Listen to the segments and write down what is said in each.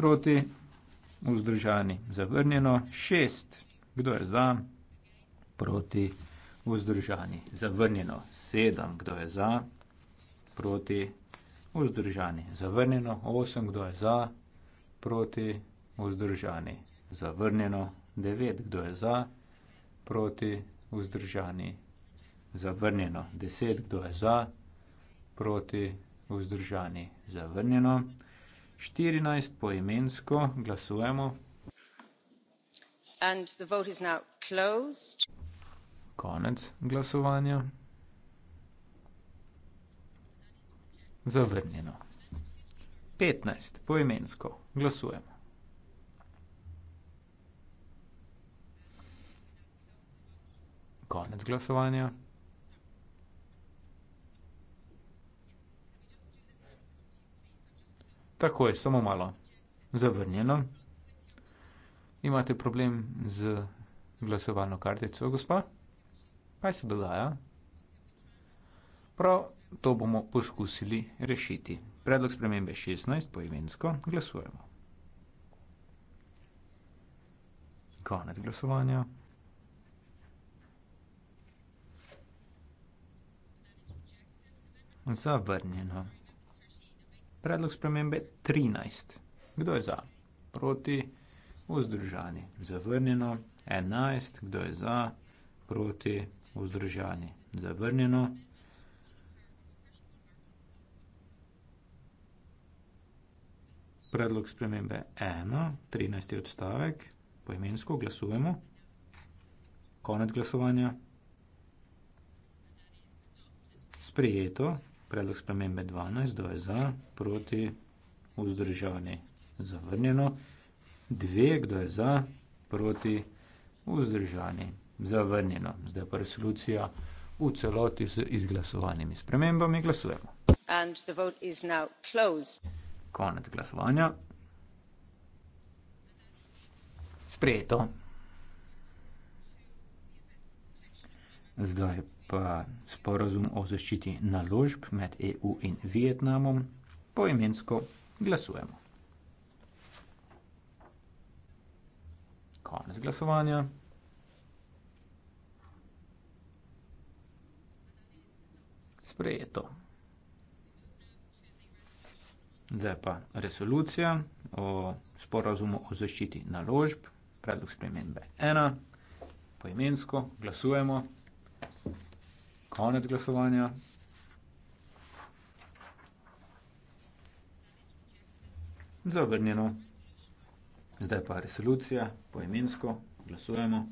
proti, vzdržani, zavrnjeno, šest, kdo je za, proti, vzdržani, zavrnjeno, sedem, kdo je za, proti, vzdržani, zavrnjeno, osem, kdo je za, proti, vzdržani, zavrnjeno, devet, kdo je za, proti, vzdržani, zavrnjeno, deset, kdo je za, proti, vzdržani, zavrnjeno, štirinajst poimensko glasujemo. And the vote is now closed. Konec glasovanja. Zavrnjeno. Petnajst poimensko glasujemo. Konec glasovanja. Tako je, samo malo. Zavrnjeno. Imate problem z glasovalno kartico, gospa? Kaj se dogaja? Prav to bomo poskusili rešiti. Predlog spremembe 16 poimensko glasujemo. Konec glasovanja. Zavrnjeno. Predlog spremembe 13. Kdo je za? Proti. Vzdržani. Zavrnjeno. 11. Kdo je za? Proti. Vzdržani. Zavrnjeno. 1. 13. odstavek. Poimensko glasujemo. Konec glasovanja. Sprijeto. Predlog spremembe 12, kdo je za, proti, vzdržani, zavrnjeno. 2, kdo je za, proti, vzdržani, zavrnjeno. Zdaj pa resolucija v celoti z izglasovanimi spremembami. Glasujemo. Konec glasovanja. Sprejeto. Zdaj pa sporozum o zaščiti naložb med EU in Vietnamom, poimensko glasujemo. Konec glasovanja. Sprejeto. Zdaj pa resolucija o sporozumu o zaščiti naložb, predlog spremembe ena, poimensko glasujemo. Konec glasovanja. Zavrnjeno. Zdaj pa resolucija, poimensko, glasujemo.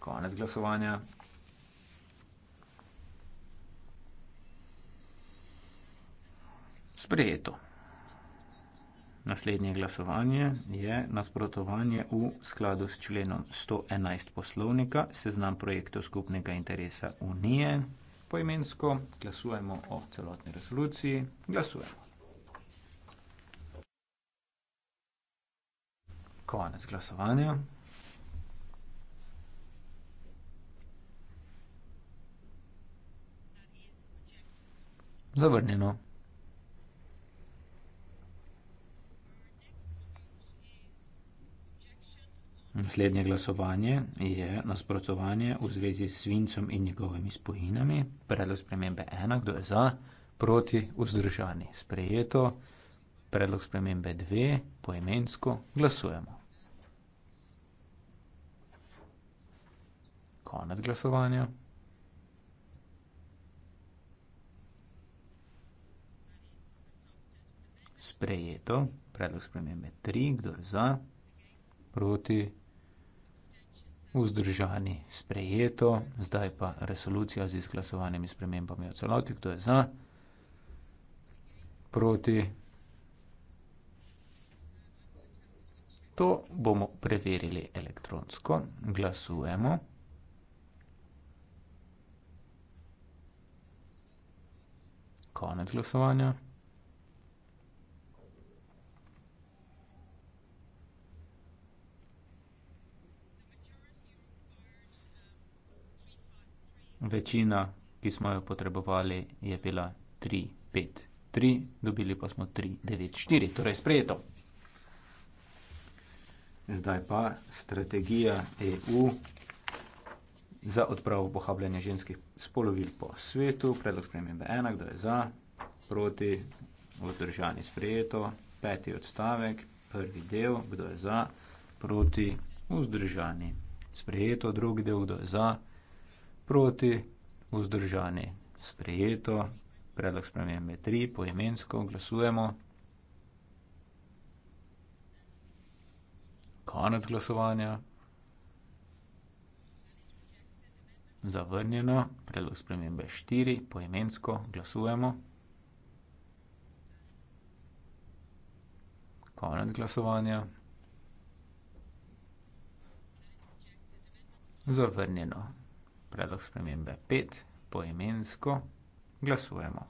Konec glasovanja. Sprejeto. Naslednje glasovanje je nasprotovanje v skladu s členom 111 poslovnika, seznam projektov skupnega interesa Unije. Poimensko glasujemo o celotni resoluciji. Glasujemo. Konec glasovanja. Zavrnjeno. Naslednje glasovanje je nasprotovanje v zvezi s svincem in njegovimi spojinami. Predlog spremembe ena, kdo je za, proti, vzdržani. Sprejeto. Predlog spremembe dve, poemensko, glasujemo. Konec glasovanja. Sprejeto. Predlog spremembe tri, kdo je za, proti, vzdržani, sprejeto, zdaj pa resolucija z izglasovanimi spremembami v celoti, kdo je za, proti. To bomo preverili elektronsko, glasujemo. Konec glasovanja. večina, ki smo jo potrebovali, je bila 3, 5, 3, dobili pa smo 3, 9, 4, torej sprejeto. Zdaj pa strategija EU za odpravo pohabljanja ženskih spolovil po svetu, predlog spremembe enak, da je za, proti, vzdržani sprejeto, peti odstavek, prvi del, kdo je za, proti, vzdržani sprejeto, drugi del, kdo je za, proti, vzdržani, sprejeto, predlog spremembe tri, poimensko glasujemo. Konec glasovanja. Zavrnjeno, predlog spremembe štiri, poimensko glasujemo. Konec glasovanja. Zavrnjeno, predlog spremembe 5, poimensko glasujemo.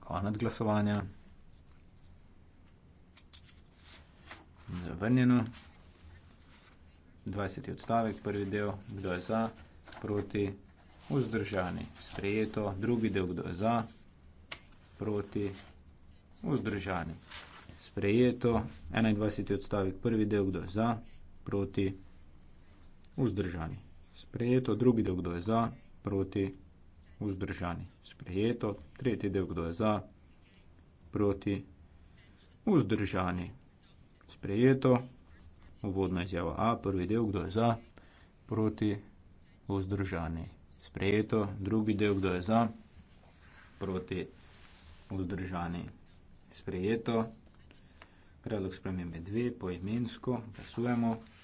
Konec glasovanja. Zavrnjeno. 20. odstavek, prvi del, kdo je za, proti, vzdržani, sprejeto, drugi del, kdo je za, proti, vzdržani, sprejeto, 21. odstavek, prvi del, kdo je za, proti, vzdržani sprejeto, drugi del, kdo je za, proti, vzdržani, sprejeto, tretji del, kdo je za, proti, vzdržani, sprejeto, uvodna izjava A, prvi del, kdo je za, proti, vzdržani, sprejeto, drugi del, kdo je za, proti, vzdržani, sprejeto, predlog spremembe dve, poimensko, glasujemo, vzdržani,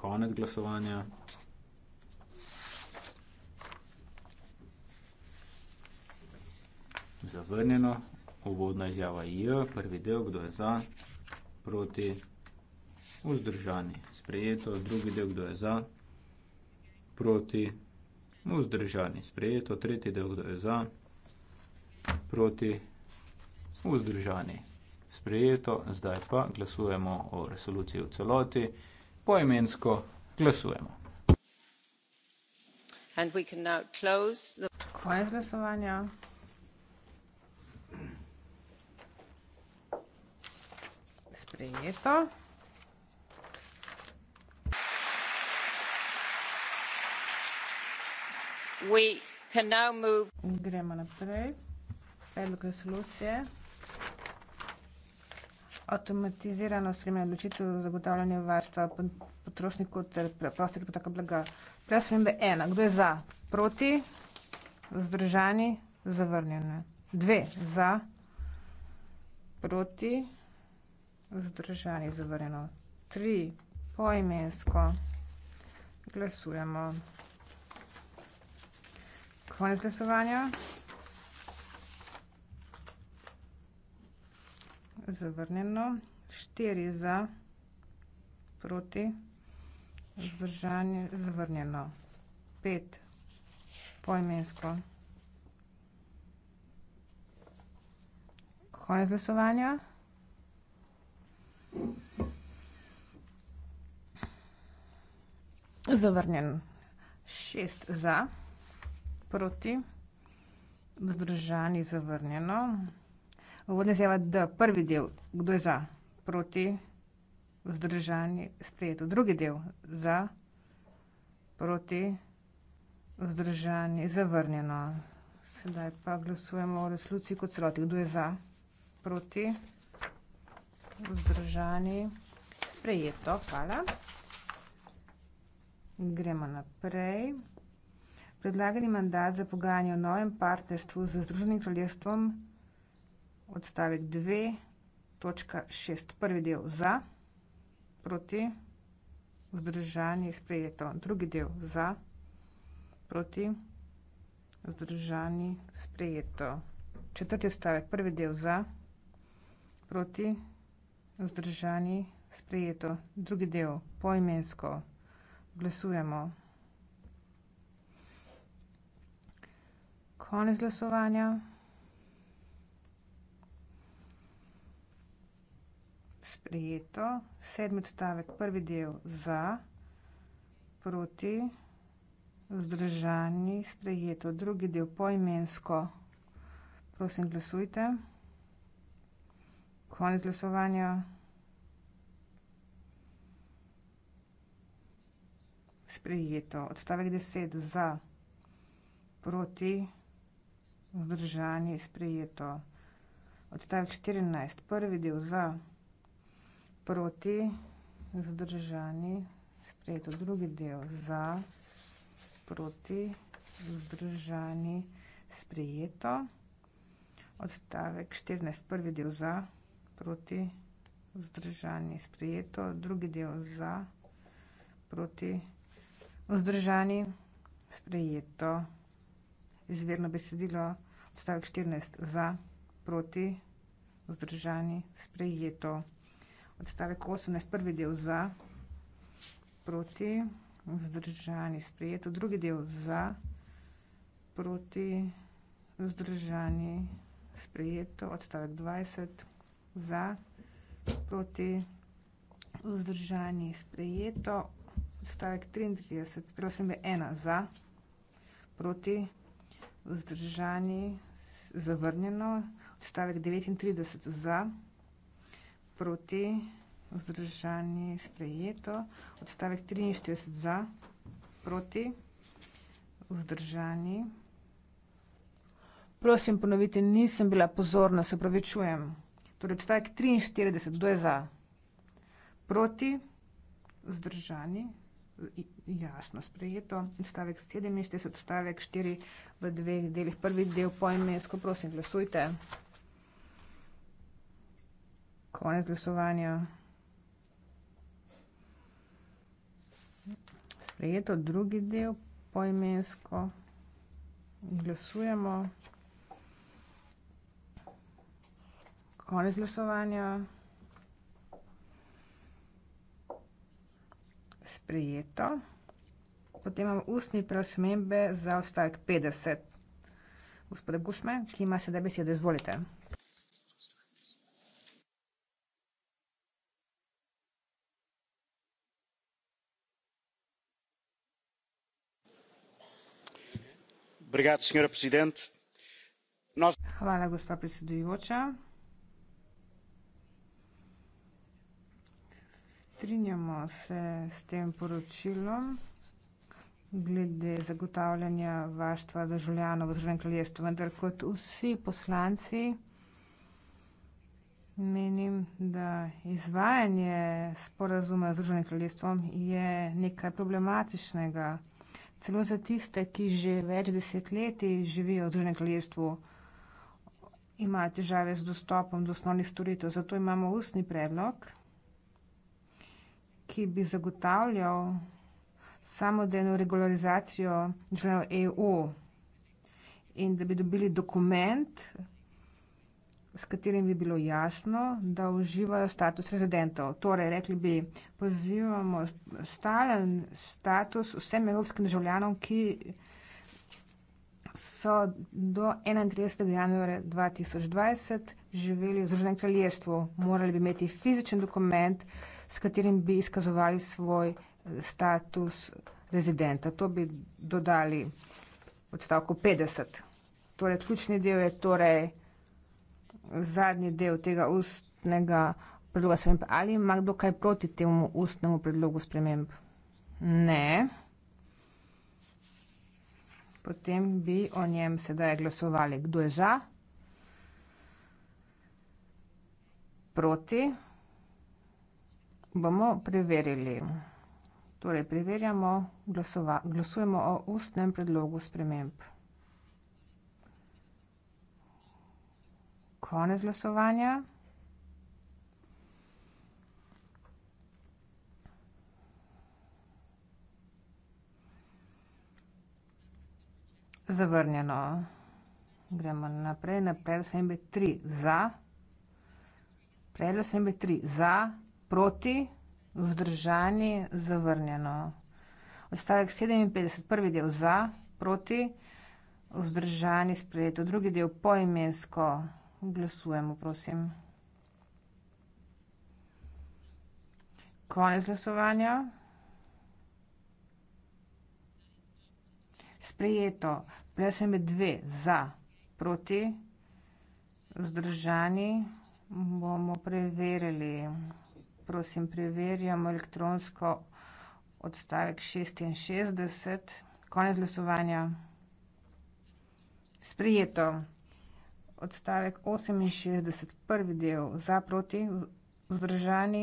konec glasovanja. Zavrnjeno, uvodna izjava J, prvi del, kdo je za, proti, vzdržani, sprejeto, drugi del, kdo je za, proti, vzdržani, sprejeto, tretji del, kdo je za, proti, vzdržani, sprejeto. Zdaj pa glasujemo o resoluciji v celoti poimensko glasujemo. And we can now close the... Konec glasovanja. Sprejeto. We can now move... Gremo naprej. Predlog resolucije avtomatizirano spremlja odločitev za zagotavljanje varstva potrošnikov ter preprostih potaka blaga. Prav spremembe ena. Kdo je za? Proti? Vzdržani? Zavrnjene. Dve. Za? Proti? Vzdržani? Zavrnjeno. Tri. Poimensko. Glasujemo. Konec glasovanja. zavrnjeno, štiri za, proti, vzdržanje zavrnjeno, pet poimensko. Konec glasovanja. Zavrnjen. Šest za, proti, vzdržani zavrnjeno. Vodne zjava D, prvi del, kdo je za, proti, vzdržani, sprejeto. Drugi del, za, proti, vzdržani, zavrnjeno. Sedaj pa glasujemo o resluciji kot celoti. Kdo je za, proti, vzdržani, sprejeto. Hvala. Gremo naprej. Predlagani mandat za pogajanje o novem partnerstvu z Združenim kraljestvom odstavek dve, točka šest, prvi del za, proti, vzdržanje sprejeto, drugi del za, proti, vzdržanje sprejeto, četrti odstavek, prvi del za, proti, vzdržanje sprejeto, drugi del poimensko, glasujemo. Konec glasovanja. sprejeto. Sedmi odstavek, prvi del za, proti, vzdržani, sprejeto. Drugi del poimensko. Prosim, glasujte. Konec glasovanja. Sprejeto. Odstavek 10 za, proti, vzdržani, sprejeto. Odstavek 14, prvi del za proti zdržani sprejeto drugi del za proti zdržani sprejeto odstavek 14 prvi del za proti vzdržani sprejeto drugi del za proti vzdržani sprejeto izvirno besedilo odstavek 14 za proti vzdržani sprejeto Odstavek 18, prvi del za, proti, vzdržani, sprejeto. Drugi del za, proti, vzdržani, sprejeto. Odstavek 20, za, proti, vzdržani, sprejeto. Odstavek 33, prosim, je ena za, proti, vzdržani, zavrnjeno. Odstavek 39 za proti, vzdržani, sprejeto. Odstavek 43 za, proti, vzdržani. Prosim ponoviti, nisem bila pozorna, se pravičujem. Torej, odstavek 43, kdo je za? Proti, vzdržani, jasno, sprejeto. Odstavek 47, odstavek 4 v dveh delih. Prvi del poimensko, prosim, glasujte konec glasovanja. Sprejeto drugi del poimensko. Glasujemo. Konec glasovanja. Sprejeto. Potem imam ustni prosmembe za ostavek 50. Gospoda Gušme, ki ima sedaj besedo, izvolite. hvala gospa predsedujoča strinjamo se s tem poročilom glede zagotavljanja varstva državljanov v združenem kraljestvu vendar kot vsi poslanci menim da izvajanje sporazuma z združenim kraljestvom je nekaj problematičnega celo za tiste, ki že več desetletij živijo v Združenem kraljestvu, ima težave z dostopom do osnovnih storitev. Zato imamo ustni predlog, ki bi zagotavljal samodejno regularizacijo EU e in da bi dobili dokument, s katerim bi bilo jasno, da uživajo status rezidentov. Torej, rekli bi, pozivamo stalen status vsem evropskim državljanom, ki so do 31. januarja 2020 živeli v Združenem kraljestvu. Morali bi imeti fizičen dokument, s katerim bi izkazovali svoj eh, status rezidenta. To bi dodali odstavku 50. Torej, ključni del je torej, zadnji del tega ustnega predloga sprememb. Ali ima kdo kaj proti temu ustnemu predlogu sprememb? Ne. Potem bi o njem sedaj glasovali. Kdo je za? Proti? Bomo preverili. Torej, preverjamo, glasova, glasujemo o ustnem predlogu sprememb. konec glasovanja. Zavrnjeno. Gremo naprej. Na predlog sembe 3 za. Predlog sembe 3 za. Proti. Vzdržani. Zavrnjeno. Odstavek 57. Prvi del za. Proti. Vzdržani sprejeto. Drugi del poimensko. Zavrnjeno. Glasujemo, prosim. Konec glasovanja. Sprejeto. Glasujem je dve za, proti. Zdržani bomo preverili. Prosim, preverjamo elektronsko odstavek 66. Konec glasovanja. Sprejeto odstavek 68, prvi del za, proti, vzdržani,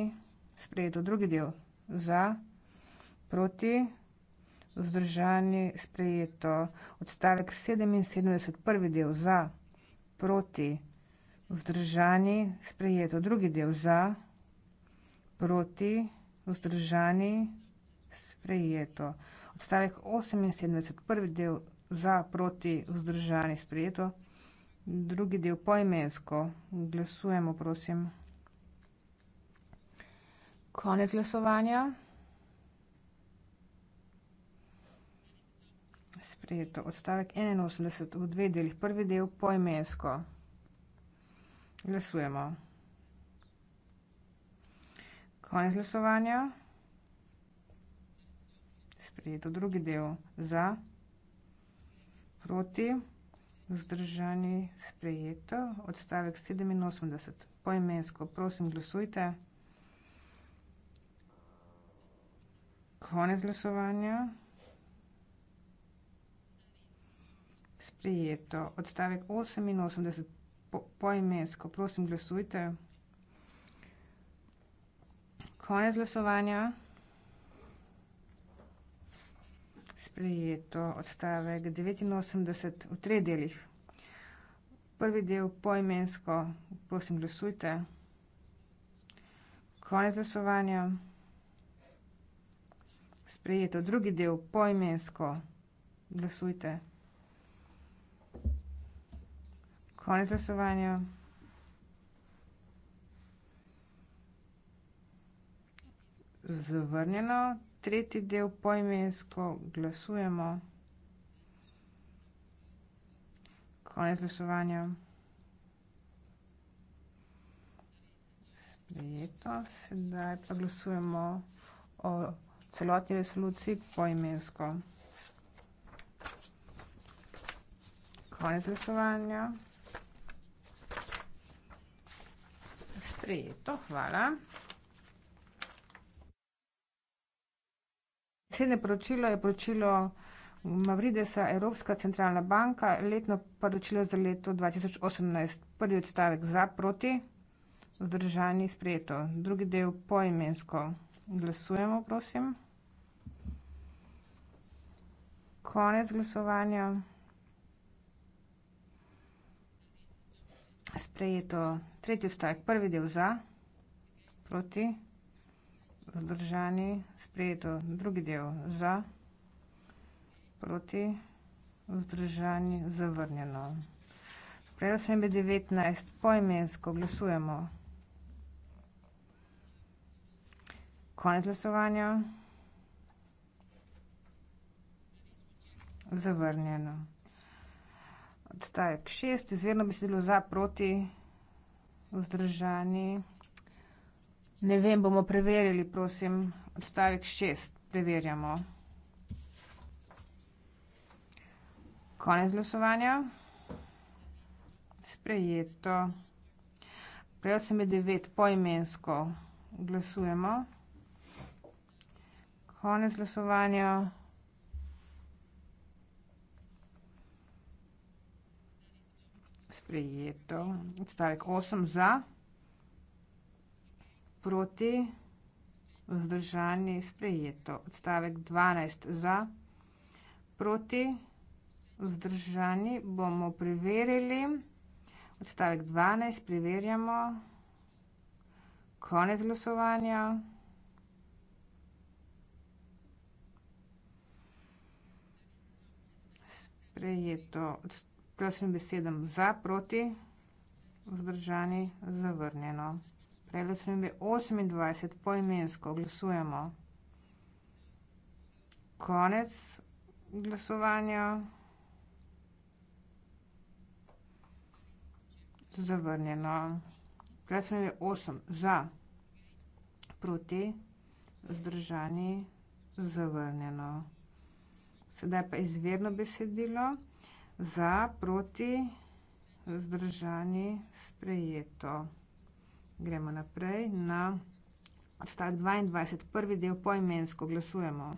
sprejeto. Drugi del za, proti, vzdržani, sprejeto. Odstavek 77, prvi del za, proti, vzdržani, sprejeto. Drugi del za, proti, vzdržani, sprejeto. Odstavek 78, prvi del za, proti, vzdržani, sprejeto drugi del poimensko. Glasujemo, prosim. Konec glasovanja. Sprejeto odstavek 81 v dveh delih. Prvi del poimensko. Glasujemo. Konec glasovanja. Sprejeto drugi del za. Proti. Vzdržani sprejeto. Odstavek 87. Poimensko. Prosim, glasujte. Konec glasovanja. Sprejeto. Odstavek 88. Poimensko. Prosim, glasujte. Konec glasovanja. sprejeto odstavek 89 v treh delih. Prvi del poimensko, prosim, glasujte. Konec glasovanja. Sprejeto drugi del poimensko, glasujte. Konec glasovanja. Zavrnjeno, tretji del poimensko glasujemo. Konec glasovanja. Sprejeto. Sedaj pa glasujemo o celotni resoluciji poimensko. Konec glasovanja. Sprejeto. Hvala. Cene poročilo je poročilo Mavridesa, Evropska centralna banka, letno poročilo za leto 2018, prvi odstavek za proti, vzdržani sprejeto, drugi del poimensko. Glasujemo, prosim. Konec glasovanja. Sprejeto, tretji odstavek, prvi del za, proti. Vzdržani, sprejeto. Drugi del, za, proti, vzdržani, zavrnjeno. Prejelo smo imeli 19, poimensko, glasujemo. Konec glasovanja. Zavrnjeno. Odstavek 6, izvedno besedilo za, proti, vzdržani, vzdržani. Ne vem, bomo preverili, prosim, odstavek šest, preverjamo. Konec glasovanja. Sprejeto. Prej sem je devet, poimensko glasujemo. Konec glasovanja. Sprejeto. Odstavek osem za proti, vzdržani, sprejeto. Odstavek 12 za, proti, vzdržani, bomo preverili. Odstavek 12 preverjamo. Konec glasovanja. Sprejeto. Prosim besedem za, proti, vzdržani, zavrnjeno. Pelo spremembe 28 poimensko glasujemo. Konec glasovanja. Zavrnjeno. Pelo spremembe 8 za, proti, zdržani, zavrnjeno. Sedaj pa izvedno besedilo. Za, proti, zdržani, sprejeto gremo naprej na odstavek 22, prvi del poimensko glasujemo.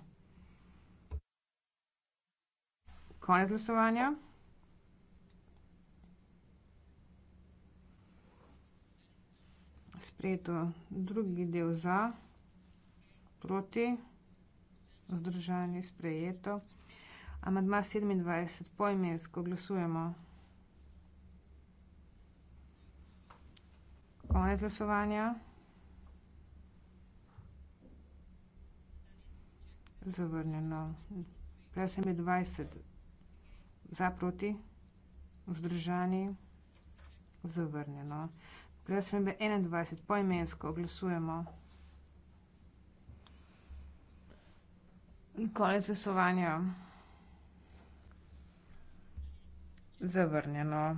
Konec glasovanja. Sprejeto drugi del za, proti, vzdržani sprejeto. Amadma 27, poimensko glasujemo. Konec glasovanja. Zavrnjeno. Prej sem je 20. Za proti. Vzdržani. Zavrnjeno. Prej sem je 21. Poimensko. Glasujemo. Konec glasovanja. Zavrnjeno.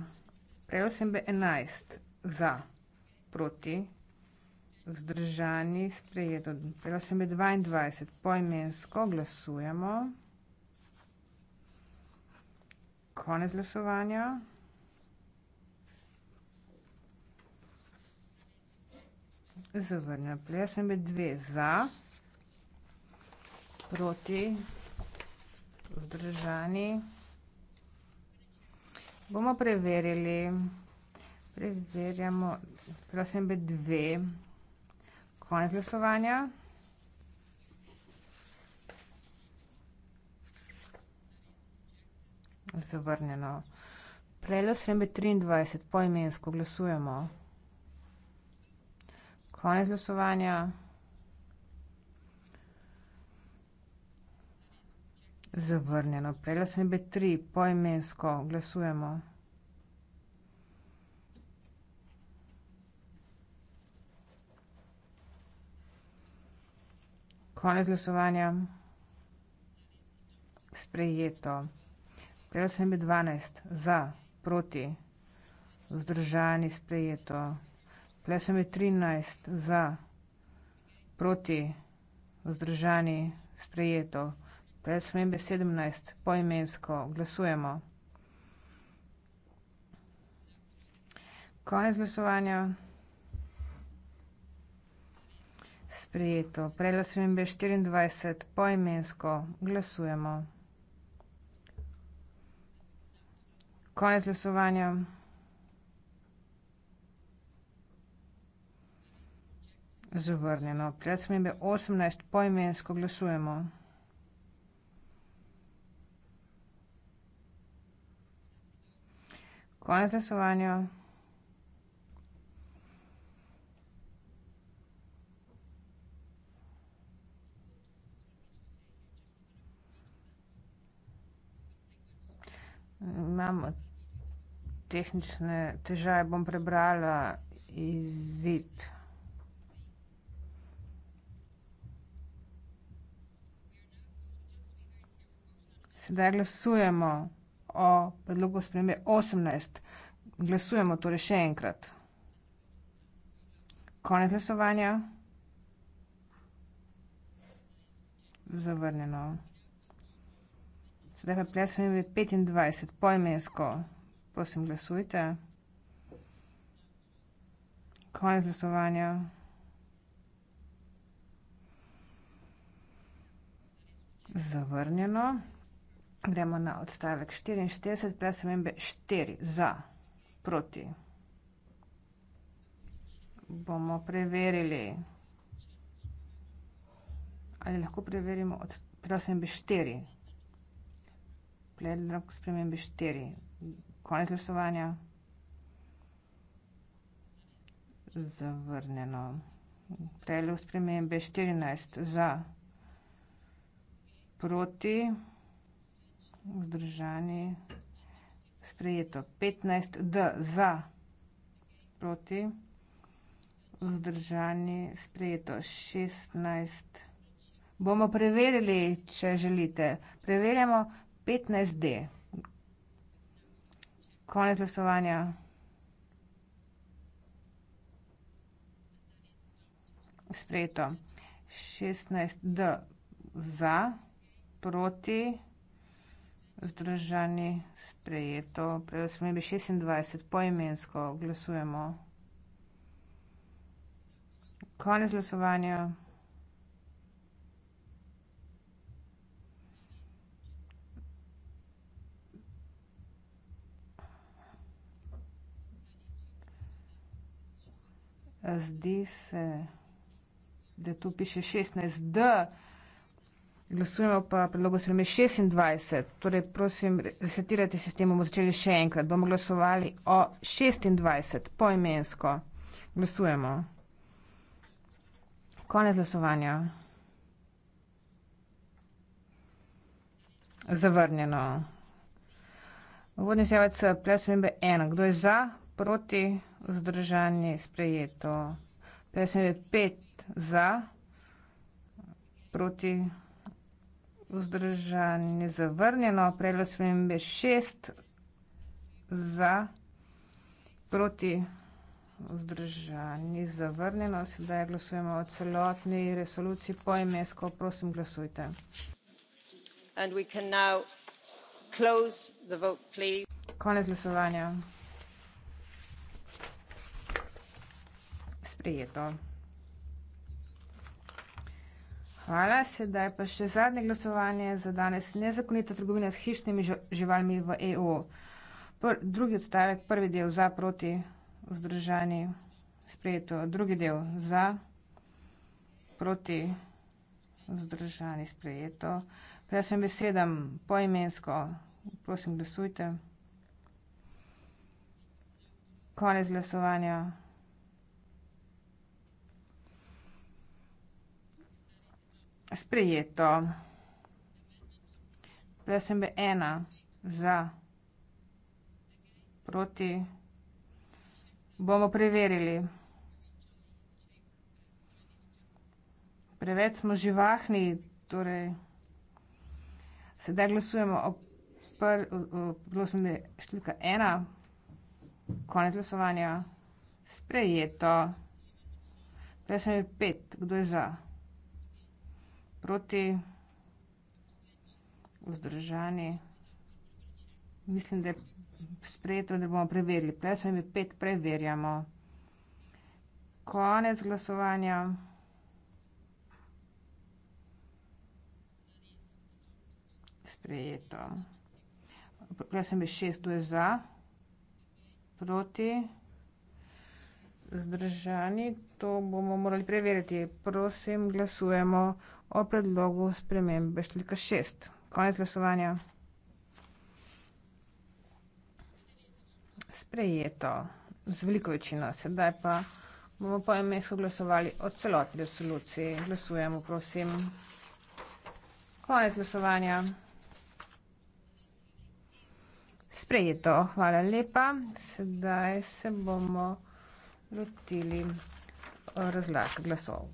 Prej sem je 11. Za proti, vzdržani, sprejeto. Prelašam je 22. Poimensko glasujemo. Konec glasovanja. Zavrnjam. Prelašam je dve za, proti, vzdržani. Bomo preverili. Preverjamo, prosim, B2, konec glasovanja. Zavrnjeno. Prelo srem B23, poimensko glasujemo. Konec glasovanja. Zavrnjeno. Prelo srem B3, poimensko glasujemo. Zavrnjeno. Konec glasovanja. Sprejeto. Prejel sem bi 12 za, proti, vzdržani, sprejeto. Prejel sem bi 13 za, proti, vzdržani, sprejeto. Prejel sem bi 17 poimensko. Glasujemo. Konec glasovanja. sprejeto. Prejelo se imenuje 24, poimensko glasujemo. Konec glasovanja. Zavrnjeno. Prejelo se imenuje 18, poimensko glasujemo. Konec glasovanja. Imam tehnične težave, bom prebrala izid. Sedaj glasujemo o predlogu spremembe osemnajst. Glasujemo torej še enkrat. Konec glasovanja. Zavrnjeno. Sedaj pa plesamo 25, poimensko. Prosim, glasujte. Konec glasovanja. Zavrnjeno. Gremo na odstavek 44, plesamo 4 za, proti. Bomo preverili, ali lahko preverimo, od, prosim, bi 4 predlog spremembe štiri. Konec glasovanja. Zavrnjeno. Predlog spremembe 14 za, proti, vzdržani, sprejeto. 15 D za, proti, vzdržani, sprejeto. 16. Bomo preverili, če želite. Preverjamo, 15D. Konec glasovanja. Sprejeto. 16D za, proti, vzdržani, sprejeto. Prej smo imeli 26, poimensko glasujemo. Konec glasovanja. zdi se, da tu piše 16d, glasujemo pa predlogo sprememe 26, torej prosim, resetirajte se s tem, bomo začeli še enkrat, bomo glasovali o 26 poimensko. Glasujemo. Konec glasovanja. Zavrnjeno. Vodni sejavec, predsednik, ena. Kdo je za, proti? vzdržanje sprejeto. 55 za, proti vzdržanje zavrnjeno, predlog spremembe 6 za, proti vzdržanje zavrnjeno. Sedaj glasujemo o celotni resoluciji poimensko. Prosim, glasujte. Konec glasovanja. sprejeto. Hvala, sedaj pa še zadnje glasovanje za danes. Nezakonita trgovina s hišnimi živalmi v EU. Pr drugi odstavek, prvi del za, proti, vzdržani, sprejeto. Drugi del za, proti, vzdržani, sprejeto. Prejasem besedam poimensko, prosim, glasujte. Konec glasovanja. sprejeto. Bila sem ena za, proti. Bomo preverili. Preveč smo živahni, torej sedaj glasujemo o prvem, številka ena, konec glasovanja, sprejeto. Prej sem pet, kdo je za? proti, vzdržani. Mislim, da je sprejeto, da bomo preverili. Ples vam je pet, preverjamo. Konec glasovanja. Sprejeto. Ples vam je šest, to je za. Proti. Zdržani, to bomo morali preveriti. Prosim, glasujemo o predlogu spremembe številka šest. Konec glasovanja. Sprejeto. Z veliko večino. Sedaj pa bomo po imensko glasovali o celoti resoluciji. Glasujemo, prosim. Konec glasovanja. Sprejeto. Hvala lepa. Sedaj se bomo lotili eh, razlag glasov.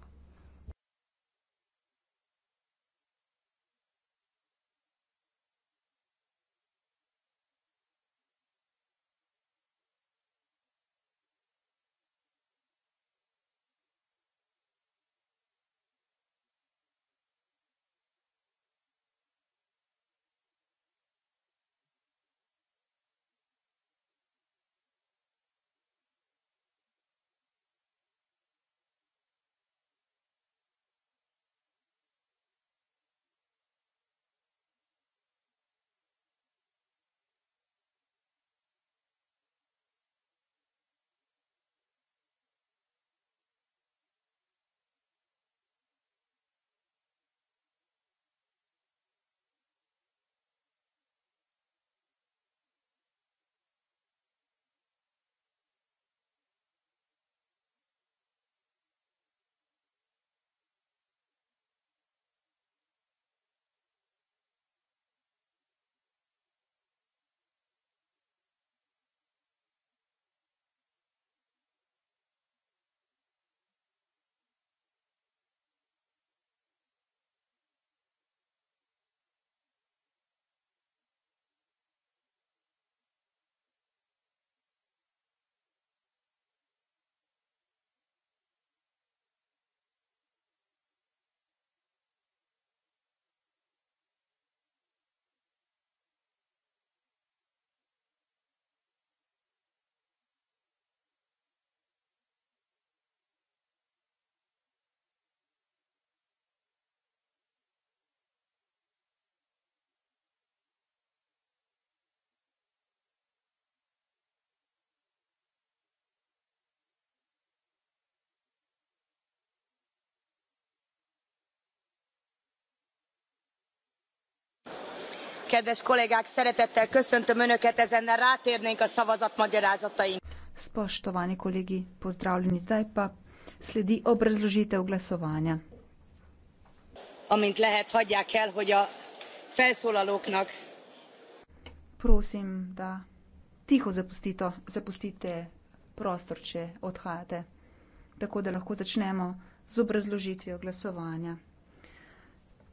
kedves kollégák szeretettel köszöntöm önöket ezennel rátérnénk a szavazat magyarázataink. Spoštovani kolegi, pozdravljeni zdaj pa sledi obrazložitev glasovanja. Amint lehet, hagyják el, hogy a felszólalóknak. Prosim, da tiho zapustite, zapustite prostor, če odhajate, tako da lahko začnemo z obrazložitvijo glasovanja.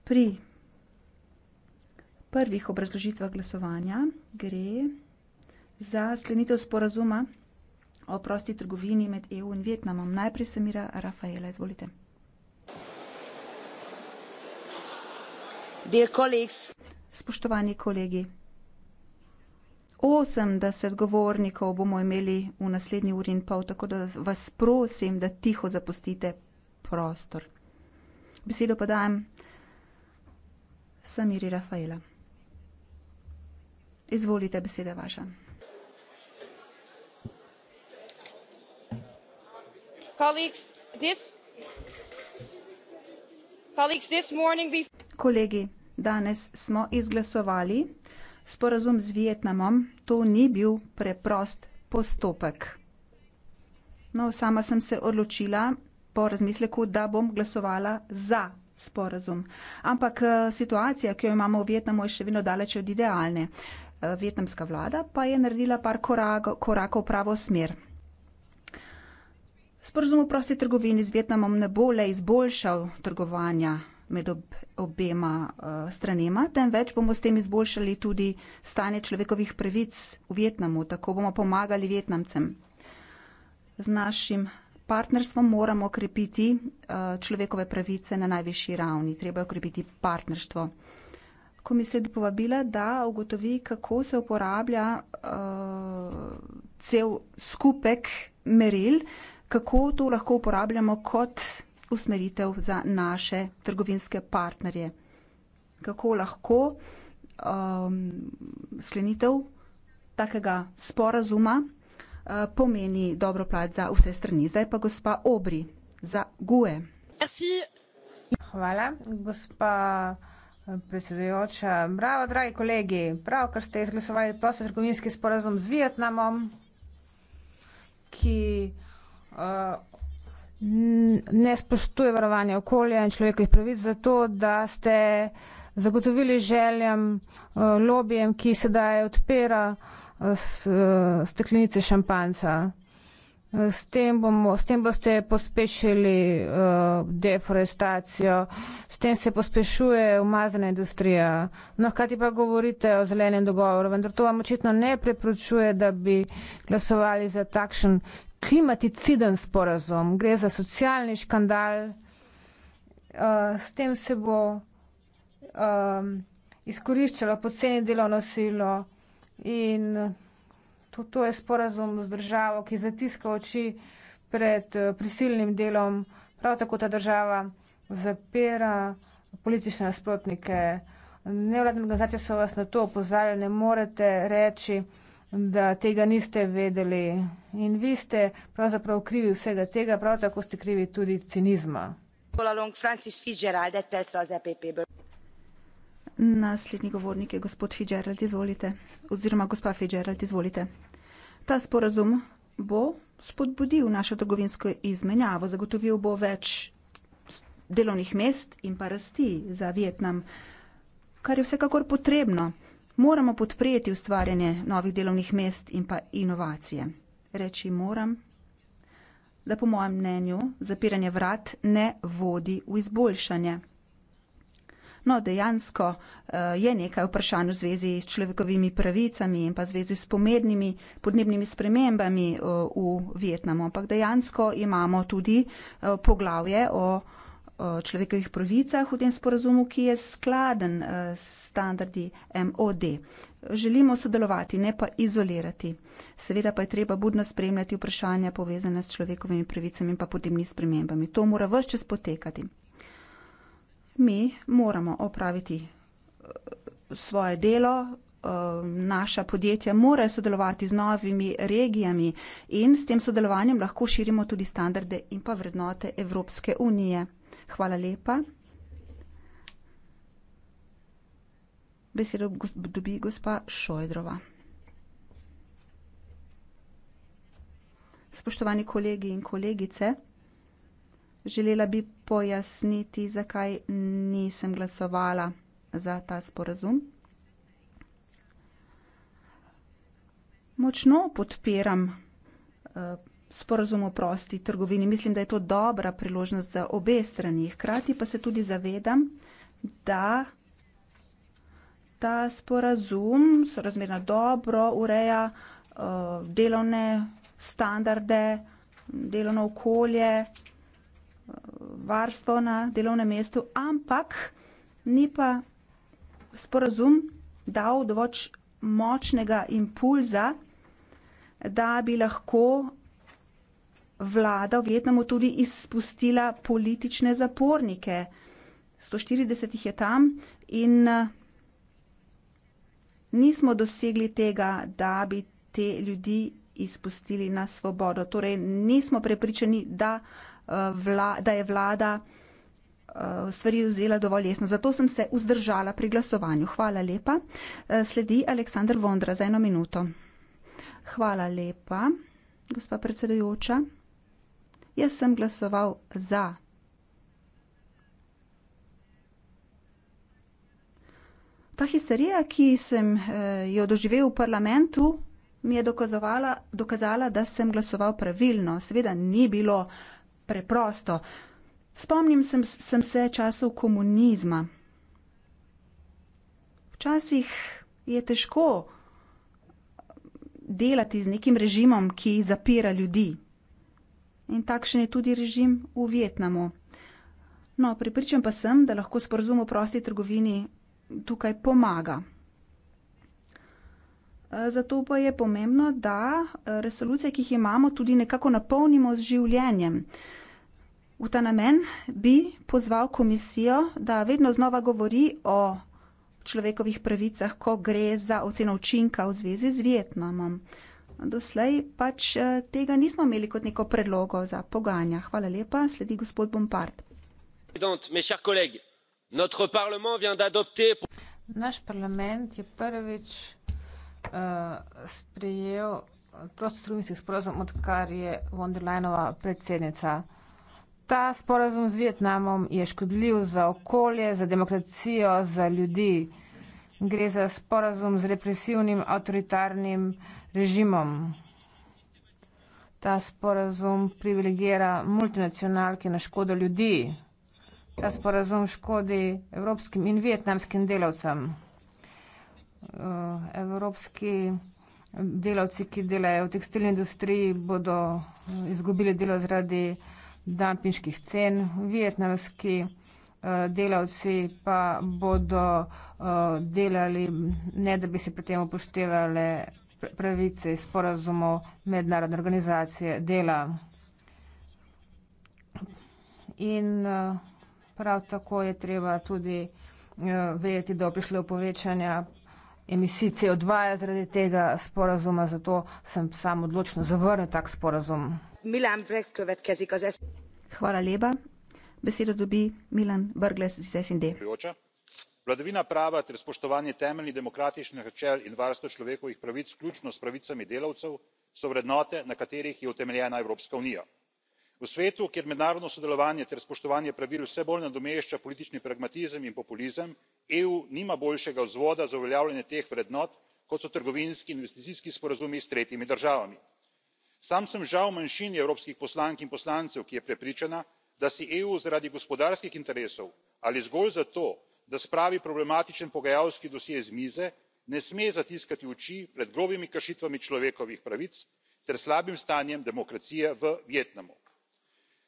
Pri prvih obrazložitvah glasovanja gre za sklenitev sporazuma o prosti trgovini med EU in Vietnamom. Najprej Samira Rafaela, izvolite. Dear colleagues. Spoštovani kolegi. Osem, da se odgovornikov bomo imeli v naslednji uri in pol, tako da vas prosim, da tiho zapustite prostor. Besedo pa dajem Samiri Rafaela. Izvolite, beseda vaša. Kolegi, danes smo izglasovali sporazum z Vietnamom. To ni bil preprost postopek. No, sama sem se odločila po razmisleku, da bom glasovala za sporazum. Ampak eh, situacija, ki jo imamo v Vietnamu, je še vedno daleč od idealne vietnamska vlada pa je naredila par korak, korakov v pravo smer. Sporazum o prosti trgovini z Vietnamom ne bo le izboljšal trgovanja med ob, obema uh, stranema, temveč bomo s tem izboljšali tudi stanje človekovih pravic v Vietnamu. Tako bomo pomagali Vietnamcem. Z našim partnerstvom moramo okrepiti uh, človekove pravice na najvišji ravni. Treba je okrepiti partnerstvo. Komisijo bi povabila, da ugotovi, kako se uporablja uh, cel skupek meril, kako to lahko uporabljamo kot usmeritev za naše trgovinske partnerje. Kako lahko um, sklenitev takega sporazuma uh, pomeni dobro plat za vse strani. Zdaj pa gospa Obri za GUE. Hvala, gospa. Predsedujoča, bravo, dragi kolegi, prav, kar ste izglasovali prostotrgovinski sporazum z Vietnamom, ki uh, ne spoštuje varovanja okolja in človekovih pravic, zato da ste zagotovili željam uh, lobijem, ki sedaj odpira uh, steklenice šampanca. S tem, bomo, s tem boste pospešili uh, deforestacijo, s tem se pospešuje umazana industrija. No, hkrati pa govorite o zelenem dogovoru, vendar to vam očitno ne preprečuje, da bi glasovali za takšen klimaticiden sporazum. Gre za socialni škandal. Uh, s tem se bo um, izkoriščalo poceni delovno silo in To, to je sporazum z državo, ki zatiska oči pred eh, prisilnim delom. Prav tako ta država zapira politične nasprotnike. Nevladne organizacije so vas na to opozarjale, ne morete reči, da tega niste vedeli. In vi ste pravzaprav krivi vsega tega, prav tako ste krivi tudi cinizma. Hvala, Long Francis Fitzgerald, da je pred svojo za PP. Naslednji govornik je gospod Fitzgerald, izvolite. Oziroma gospa Fitzgerald, izvolite. Ta sporazum bo spodbudil našo trgovinsko izmenjavo, zagotovil bo več delovnih mest in pa rasti za Vietnam, kar je vsekakor potrebno. Moramo podpreti ustvarjanje novih delovnih mest in pa inovacije. Reči moram, da po mojem mnenju zapiranje vrat ne vodi v izboljšanje. No, dejansko eh, je nekaj vprašanj v zvezi s človekovimi pravicami in pa v zvezi s pomednimi podnebnimi spremembami eh, v Vietnamu, ampak dejansko imamo tudi eh, poglavje o človekovih pravicah v tem sporazumu, ki je skladen s standardi MOD. Želimo sodelovati, ne pa izolirati. Seveda pa je treba budno spremljati vprašanja povezane s človekovimi pravicami in pa podnebnimi spremembami. To mora vse čas potekati mi moramo opraviti eh, svoje delo, eh, naša podjetja morajo sodelovati z novimi regijami in s tem sodelovanjem lahko širimo tudi standarde in pa vrednote Evropske unije. Hvala lepa. Besedo dobi gospa Šojdrova. Spoštovani kolegi in kolegice. Želela bi pojasniti, zakaj nisem glasovala za ta sporazum. Močno podpiram uh, sporazum o prosti trgovini. Mislim, da je to dobra priložnost za obe strani. Hkrati pa se tudi zavedam, da ta sporazum sorazmerno dobro ureja uh, delovne standarde, delovno okolje varstvo na delovnem mestu, ampak ni pa sporazum dal dovolj močnega impulza, da bi lahko vlada v Vietnamu tudi izpustila politične zapornike. 140 jih je tam in nismo dosegli tega, da bi te ljudi izpustili na svobodo. Torej nismo prepričani, da da je vlada eh, stvari vzela dovolj jasno. Zato sem se vzdržala pri glasovanju. Hvala lepa. Eh, sledi Aleksandr Vondra za eno minuto. Hvala lepa, gospa predsedujoča. Jaz sem glasoval za. Ta histerija, ki sem eh, jo doživel v parlamentu, mi je dokazala, dokazala, da sem glasoval pravilno. Seveda ni bilo uh, preprosto. Spomnim sem, sem se časov komunizma. Včasih je težko eh, delati z nekim režimom, ki zapira ljudi. In takšen je tudi režim v Vietnamu. No, pripričam pa sem, da lahko sporozum o prosti trgovini tukaj pomaga. Zato pa je pomembno, da eh, resolucije, ki jih imamo, tudi nekako napolnimo z življenjem. V ta namen bi pozval komisijo, da vedno znova govori o človekovih pravicah, ko gre za oceno učinka v zvezi z Vietnamom. Doslej pač eh, tega nismo imeli kot neko predlogo za pogajanja. Hvala lepa, sledi gospod Bompard. Naš parlament je prvič Eh, sprejel prostostrovinski sporozum, odkar je von der Leinova predsednica. Ta sporozum z Vietnamom je škodljiv za okolje, za demokracijo, za ljudi. Gre za sporozum z represivnim avtoritarnim režimom. Ta sporozum privilegira multinacionalke na škodo ljudi. Ta sporozum škodi evropskim in vietnamskim delavcem uh, evropski delavci, ki delajo v tekstilni industriji, bodo eh, izgubili delo zaradi dampinških cen, vietnamski uh, delavci pa bodo uh, delali, ne da bi se pri tem upoštevali pravice iz sporazumov mednarodne organizacije dela. In uh, prav tako je treba tudi uh, vedeti, da prišlo povečanja emisij CO2 zaradi tega sporazuma, zato sem sam odločno zavrnil tak sporazum. Milan Brez, kvetkezik az es. Hvala lepa. Besedo dobi Milan Brglez iz SND. Vladavina prava ter spoštovanje temeljnih demokratičnih načel in varstvo človekovih pravic, vključno s pravicami delavcev, so vrednote, na katerih je utemeljena Evropska unija. V svetu, kjer mednarodno sodelovanje ter spoštovanje pravil vse bolj nadomešča politični pragmatizem in populizem, eu nima boljšega vzvoda za uveljavljanje teh vrednot kot so trgovinski in investicijski sporazumi s tretjimi državami. sam sem žal v manjšini evropskih poslank in poslancev ki je prepričana da si eu zaradi gospodarskih interesov ali zgolj zato da spravi problematičen pogajalski dosje z mize ne sme zatiskati oči pred grobimi kršitvami človekovih pravic ter slabim stanjem demokracije v vietnamu.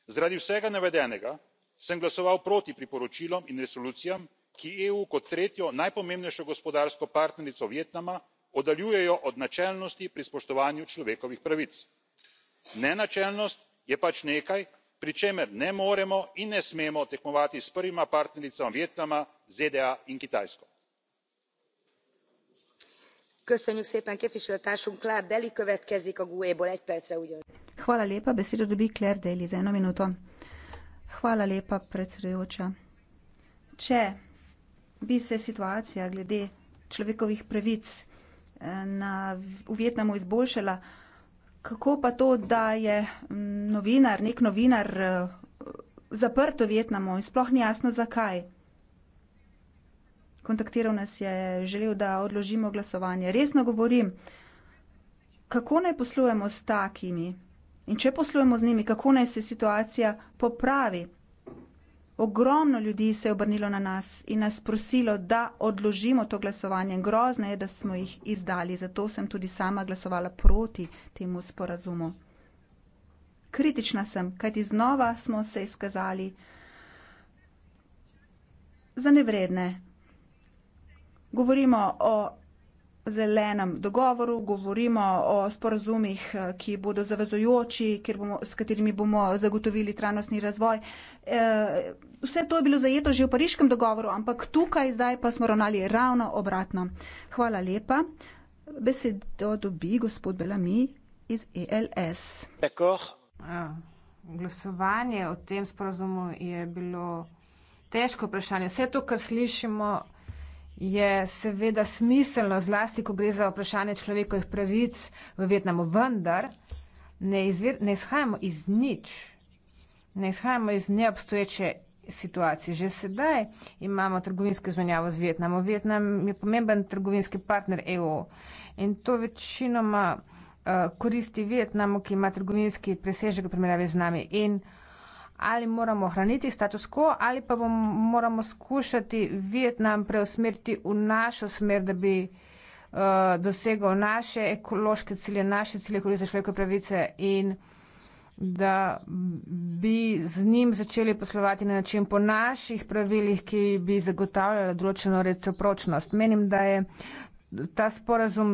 zaradi vsega navedenega sem glasoval proti priporočilom in resolucijam ki eu kot tretjo najpomembnejšo gospodarsko partnerico vietnama oddaljujejo od načelnosti pri spoštovanju človekovih pravic. nenačelnost je pač nekaj pri čemer ne moremo in ne smemo tekmovati s prvima partnericama vietnama zda in kitajsko. hvala lepa predsedujoča. če bi se situacija glede človekovih pravic eh, na, v Vietnamu izboljšala. Kako pa to, da je mm, novinar, nek novinar eh, zaprt v Vietnamu in sploh ni jasno zakaj? Kontaktiral nas je, želel, da odložimo glasovanje. Resno govorim, kako naj poslujemo s takimi in če poslujemo z njimi, kako naj se situacija popravi. Ogromno ljudi se je obrnilo na nas in nas prosilo, da odložimo to glasovanje. Grozno je, da smo jih izdali. Zato sem tudi sama glasovala proti temu sporazumu. Kritična sem, kajti znova smo se izkazali za nevredne. Govorimo o zelenem dogovoru, govorimo o sporazumih, eh, ki bodo zavezojoči, bomo, s katerimi bomo zagotovili trajnostni razvoj. E, vse to je bilo zajeto že v pariškem dogovoru, ampak tukaj zdaj pa smo ravnali ravno obratno. Hvala lepa. Besedo dobi gospod Belami iz ELS. Glasovanje o tem sporazumu je bilo težko vprašanje. Vse to, kar slišimo, je seveda smiselno, zlasti ko gre za vprašanje človekovih pravic v Vietnamu, vendar ne, izver, ne izhajamo iz nič, ne izhajamo iz neobstoječe situacije. Že sedaj imamo trgovinsko izmenjavo z Vietnamom. Vietnam je pomemben trgovinski partner EU in to večinoma uh, koristi Vietnamu, ki ima trgovinski presežek v primerjavi z nami. In, uh, ali moramo ohraniti status quo ali pa bom, moramo skušati Vietnam preusmeriti v našo smer, da bi uh, dosegel naše ekološke cilje, naše cilje, kot so človekove pravice in da bi z njim začeli poslovati na način po naših pravilih, ki bi zagotavljala določeno recipročnost. Menim, da je ta sporazum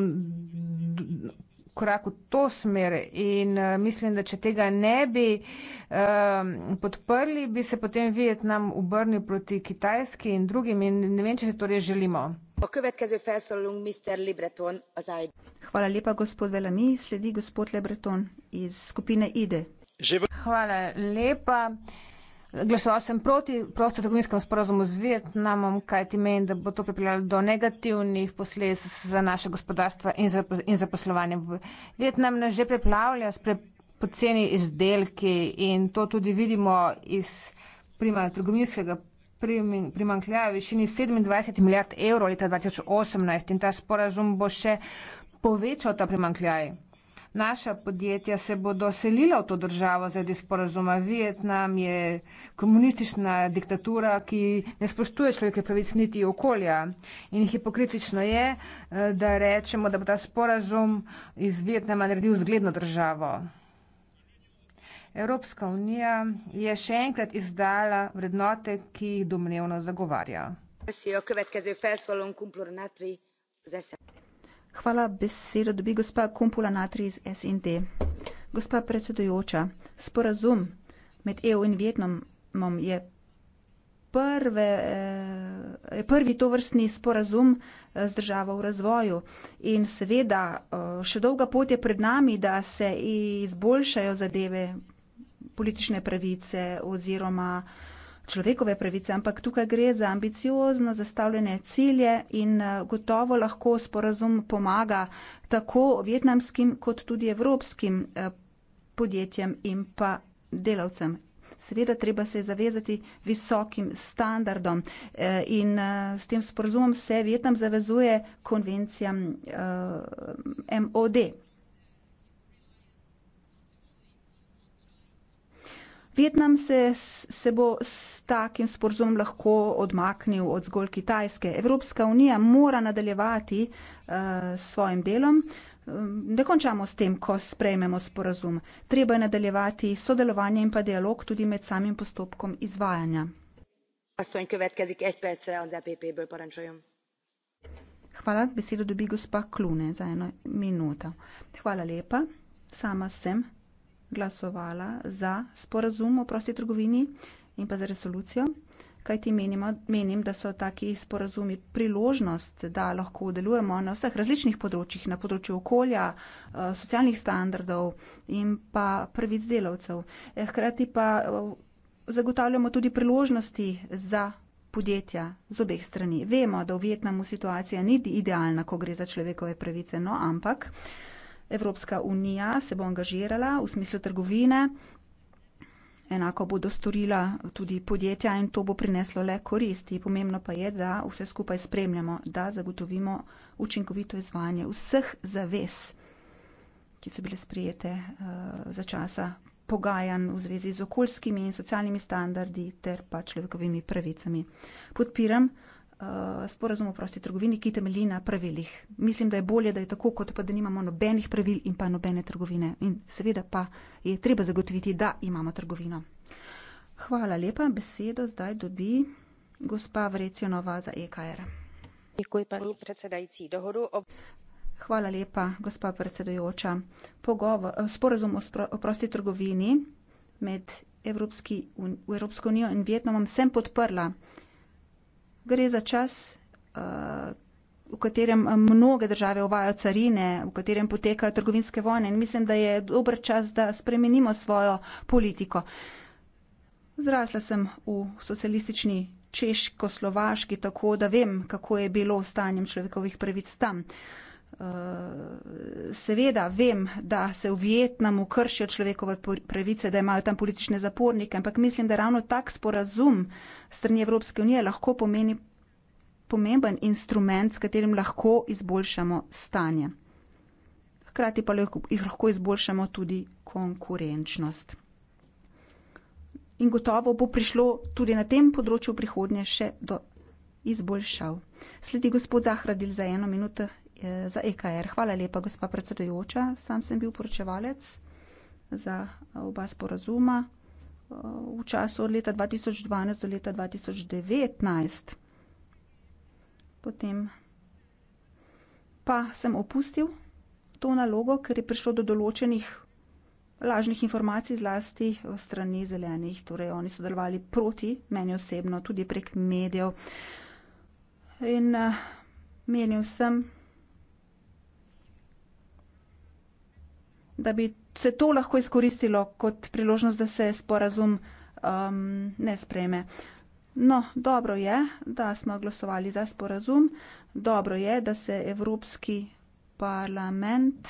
korak v to smer in uh, mislim, da če tega ne bi uh, podprli, bi se potem Vietnam obrnil proti Kitajski in drugim in ne vem, če se to res želimo. Hvala lepa, gospod Velami. Sledi gospod Lebreton iz skupine IDE. Hvala lepa. Glasoval sem proti prostotrgovinskemu sporazumu z Vietnamom, kaj ti menim, da bo to pripeljalo do negativnih posledic za naše gospodarstva in za, in za poslovanje. Vietnam nas že preplavlja s pre, poceni izdelki in to tudi vidimo iz prima, trgovinskega primankljaja v višini 27 milijard evrov leta 2018 in ta sporazum bo še povečal ta primankljaj naša podjetja se bodo selila v to državo zaradi sporazuma. Vietnam je komunistična diktatura, ki ne spoštuje človeške pravice niti okolja. In hipokritično je, eh, da rečemo, da bo ta sporazum iz Vietnama naredil zgledno državo. Evropska unija je še enkrat izdala vrednote, ki jih domnevno zagovarja. Hvala. Hvala, besedo dobi gospa Kumpula Natri iz SND. Gospa predsedujoča, sporazum med EU in Vietnamom je prve, eh, je prvi tovrstni sporazum, eh, z državo v razvoju. In seveda, eh, še dolga pot je pred nami, da se izboljšajo zadeve, politične pravice oziroma človekove pravice, ampak tukaj gre za ambiciozno zastavljene cilje in eh, gotovo lahko sporazum pomaga tako vjetnamskim kot tudi evropskim eh, podjetjem in pa delavcem. Seveda treba se zavezati visokim standardom eh, in s tem sporazumom se Vietnam zavezuje konvencijam MOD. Vietnam se, se bo s takim sporozumom lahko odmaknil od zgolj Kitajske. Evropska unija mora nadaljevati eh, s uh, svojim delom. Eh, ne končamo s tem, ko sprejmemo sporozum. Treba je nadaljevati sodelovanje in pa dialog tudi med samim postopkom izvajanja. E Hvala, besedo dobi gospa Klune za eno minuto. Hvala lepa, sama sem glasovala za sporazum o prosti trgovini in pa za resolucijo, kajti menimo, menim, da so taki sporazumi priložnost, da lahko delujemo na vseh različnih področjih, na področju okolja, eh, socialnih standardov in pa prvic delavcev. Eh, hkrati pa eh, zagotavljamo tudi priložnosti za podjetja z obeh strani. Vemo, da v Vietnamu situacija ni idealna, ko gre za človekove pravice, no ampak. Evropska unija se bo angažirala v smislu trgovine, enako bodo storila tudi podjetja in to bo prineslo le koristi. Pomembno pa je, da vse skupaj spremljamo, da zagotovimo učinkovito izvajanje vseh zavez, ki so bile sprijete uh, eh, za časa pogajanj v zvezi z okoljskimi in socialnimi standardi ter pa človekovimi pravicami. Podpiram. Eh, sporazum o prosti trgovini, ki temelji na pravilih. Mislim, da je bolje, da je tako, kot pa da nimamo nobenih pravil in pa nobene trgovine. In seveda pa je treba zagotoviti, da imamo trgovino. Hvala lepa. Besedo zdaj dobi gospa Vrecionova za EKR. Dekuji, pani predsedajci. Dohodu ob... Hvala lepa, gospa predsedujoča. Pogovor, eh, sporazum o, spro, o prosti trgovini med Evropski, un, Evropsko unijo in Vietnamom sem podprla. Gre za čas, eh, v katerem mnoge države uvajo carine, v katerem potekajo trgovinske vojne in mislim, da je dober čas, da spremenimo svojo politiko. Zrasla sem v socialistični češko-slovaški, tako da vem, kako je bilo stanjem človekovih pravic tam seveda vem, da se v Vietnamu kršijo človekove pravice, da imajo tam politične zapornike, ampak mislim, da ravno tak sporazum strani Evropske unije lahko pomeni pomemben instrument, s katerim lahko izboljšamo stanje. Hkrati pa jih lahko izboljšamo tudi konkurenčnost. In gotovo bo prišlo tudi na tem področju v prihodnje še do izboljšav. Sledi gospod Zahradil za eno minuto za EKR. Hvala lepa, gospa predsedujoča. Sam sem bil poročevalec za oba sporazuma eh, v času od leta 2012 do leta 2019. Potem pa sem opustil to nalogo, ker je prišlo do določenih lažnih informacij zlasti v strani zelenih, torej oni so delovali proti meni osebno, tudi prek medijev. In uh, menil sem, da bi se to lahko izkoristilo kot priložnost, da se sporazum um, ne spreme. No, dobro je, da smo glasovali za sporazum, dobro je, da se Evropski parlament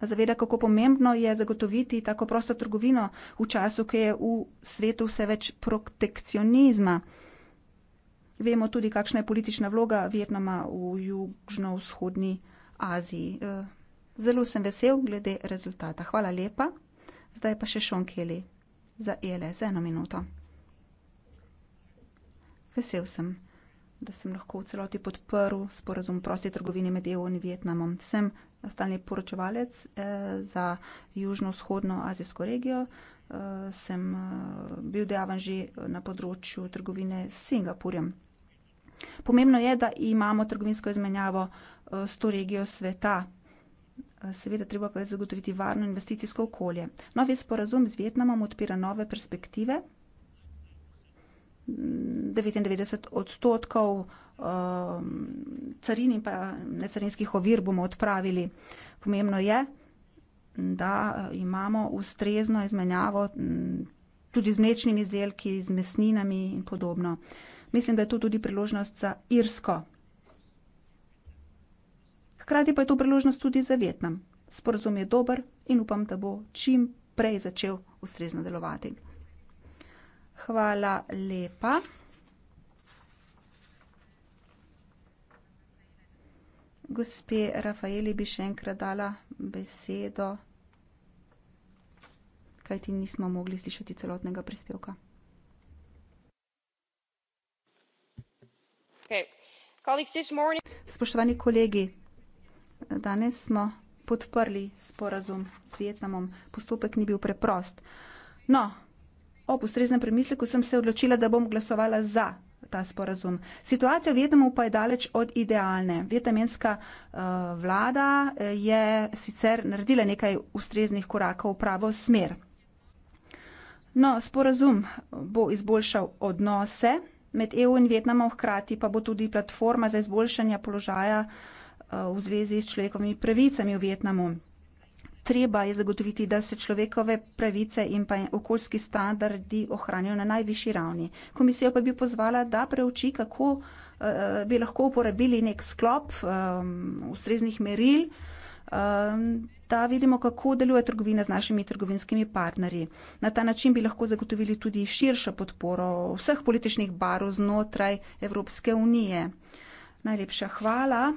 zaveda, kako pomembno je zagotoviti tako prosto trgovino v času, ki je v svetu vse več protekcionizma. Vemo tudi, kakšna je politična vloga Vietnama v južno-vzhodni Aziji. Uh, Zelo sem vesel glede rezultata. Hvala lepa. Zdaj pa še Šon Keli za ELE za eno minuto. Vesel sem, da sem lahko v celoti podprl sporazum prosti trgovini med EU in Vietnamom. Sem stalni poročevalec eh, za južno-vzhodno azijsko regijo. Eh, sem eh, bil dejaven že na področju trgovine s Singapurjem. Pomembno je, da imamo trgovinsko izmenjavo eh, s to regijo sveta. Seveda treba pa je zagotoviti varno investicijsko okolje. Novi sporazum z Vietnamom odpira nove perspektive. Devetindevetdeset odstotkov um, carin in pa necarinskih ovir bomo odpravili. Pomembno je, da uh, imamo ustrezno izmenjavo mm, tudi z mlečnimi izdelki, z mesninami in podobno. Mislim, da je to tudi priložnost za Irsko. Hkrati pa je to priložnost tudi za Vietnam. Sporazum je dober in upam, da bo čim prej začel ustrezno delovati. Hvala lepa. Gospe Rafaeli bi še enkrat dala besedo, kaj ti nismo mogli slišati celotnega prispevka. Spoštovani kolegi, danes smo podprli sporazum s Vietnamom. Postopek ni bil preprost. No, ob ustreznem premisleku sem se odločila, da bom glasovala za ta sporazum. Situacija v Vietnamu pa je daleč od idealne. Vietnamska uh, vlada eh, je sicer naredila nekaj ustreznih korakov v pravo smer. No, sporazum bo izboljšal odnose med EU in Vietnamom, hkrati pa bo tudi platforma za izboljšanje položaja uh, Eh, v zvezi s človekovimi pravicami v Vietnamu. Treba je zagotoviti, da se človekove pravice in pa okoljski standardi ohranijo na najvišji ravni. Komisijo pa bi pozvala, da preuči, kako eh, bi lahko uporabili nek sklop um, ustreznih meril, um, da vidimo, kako deluje trgovina z našimi trgovinskimi partnerji. Na ta način bi lahko zagotovili tudi širšo podporo vseh političnih barov znotraj Evropske unije. Najlepša hvala.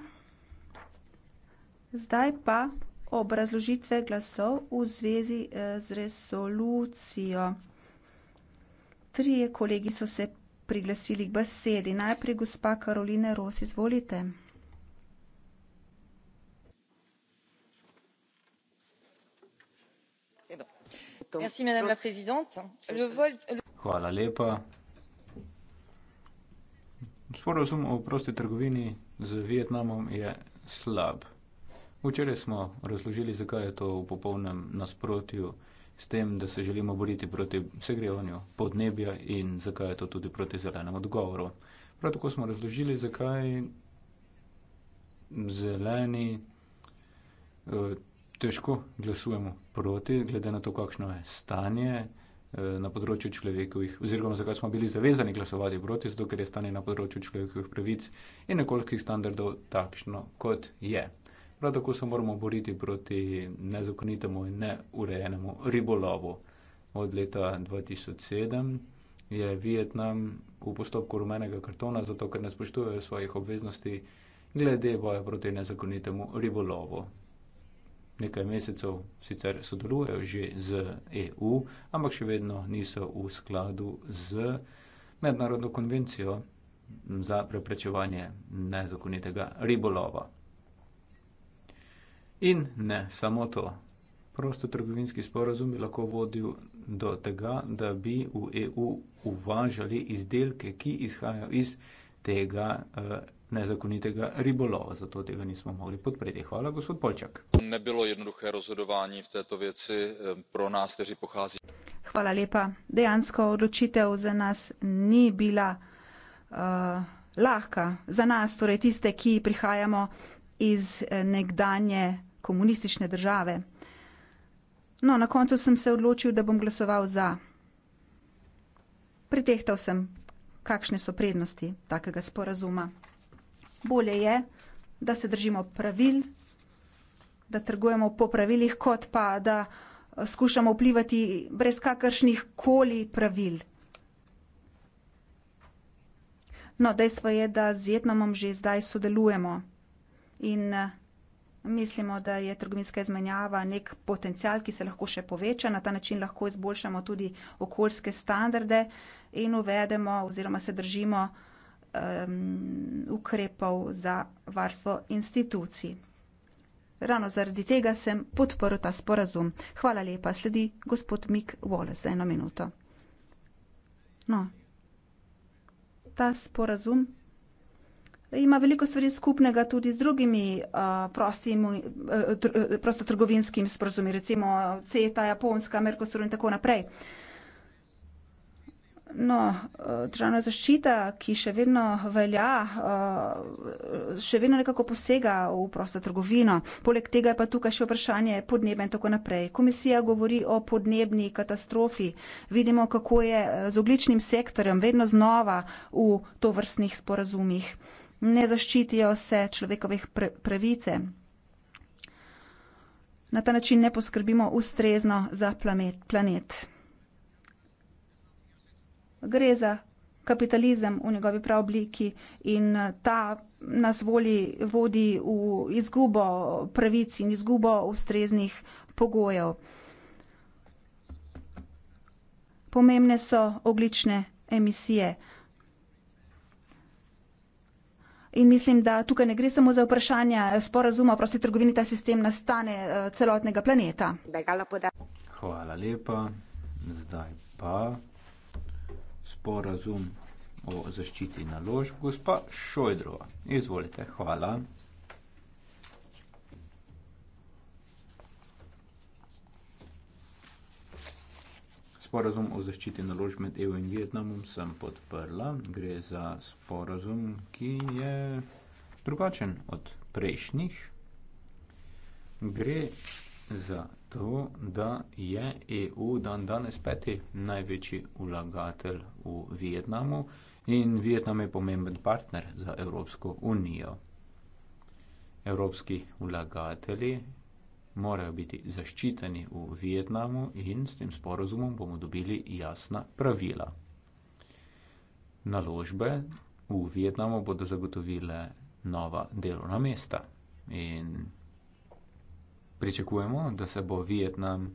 Zdaj pa obrazložitve glasov v zvezi eh, z resolucijo. Trije kolegi so se priglasili k besedi. Najprej gospa Karoline Ros, izvolite. Hvala lepa. Sporozum o prosti trgovini z Vietnamom je slab. Včeraj smo razložili, zakaj je to v popolnem nasprotju s tem, da se želimo boriti proti segrevanju podnebja in zakaj je to tudi proti zelenemu odgovoru. Prav tako smo razložili, zakaj zeleni eh, težko glasujemo proti, glede na to, kakšno je stanje eh, na področju človekovih, oziroma zakaj smo bili zavezani glasovati proti, zato ker je stanje na področju človekovih pravic in nekolikih standardov takšno, kot je. Prav tako se moramo boriti proti nezakonitemu in neurejenemu ribolovu. Od leta 2007 je Vietnam v postopku rumenega kartona, zato ker ne spoštujejo svojih obveznosti glede boja proti nezakonitemu ribolovu. Nekaj mesecev sicer sodelujejo že z EU, ampak še vedno niso v skladu z mednarodno konvencijo za preprečevanje nezakonitega ribolova. In ne samo to. Prostotrgovinski sporazum bi lahko vodil do tega, da bi v EU uvažali izdelke, ki izhajajo iz tega uh, nezakonitega ribolova. Zato tega nismo mogli podpreti. Hvala, gospod Polčak. Nebilo jednoduché rozhodovanje v tej veci eh, pro nas, kteri pohazi. Hvala lepa. Dejansko odločitev za nas ni bila uh, lahka. Za nas, torej tiste, ki prihajamo iz nekdanje komunistične države. No, na koncu sem se odločil, da bom glasoval za. Pritehtal sem, kakšne so prednosti takega sporazuma. Bolje je, da se držimo pravil, da trgujemo po pravilih, kot pa da eh, skušamo vplivati brez kakršnih koli pravil. No, dejstvo je, da z Vietnamom že zdaj sodelujemo in eh, Mislimo, da je trgovinska izmenjava nek potencial, ki se lahko še poveča. Na ta način lahko izboljšamo tudi okoljske standarde in uvedemo oziroma se držimo um, ukrepov za varstvo institucij. Ravno zaradi tega sem podporil ta sporazum. Hvala lepa. Sledi gospod Mik Wallace za eno minuto. No, ta sporazum ima veliko stvari skupnega tudi z drugimi uh, prostimi, uh, uh, prostotrgovinskimi sporazumi, recimo CETA, Japonska, Merkosur in tako naprej. No, državna zaščita, ki še vedno velja, še vedno nekako posega v prosto trgovino. Poleg tega je pa tukaj še vprašanje podnebja in tako naprej. Komisija govori o podnebni katastrofi. Vidimo, kako je z ogličnim sektorjem vedno znova v tovrstnih sporazumih ne zaščitijo se človekovih pravice. Na ta način ne poskrbimo ustrezno za planet. planet. Gre za kapitalizem v njegovi pravi obliki in ta nas voli, vodi v izgubo pravic in izgubo ustreznih pogojev. Pomembne so oglične emisije. In mislim, da tukaj ne gre samo za vprašanje sporazuma o prosti trgovini, ta sistem nastane eh, celotnega planeta. Hvala lepa. Zdaj pa sporazum o zaščiti naložb, gospa Šojdrova. Izvolite, hvala. sporazum o zaščiti naložb med EU in Vietnamom sem podprla. Gre za sporazum, ki je drugačen od prejšnjih. Gre za to, da je EU dan danes peti največji vlagatelj v Vietnamu in Vietnam je pomemben partner za Evropsko unijo. Evropski vlagatelji morajo biti zaščiteni v Vietnamu in s tem sporozumom bomo dobili jasna pravila. Naložbe v Vietnamu bodo zagotovile nova delovna mesta in pričakujemo, da se bo Vietnam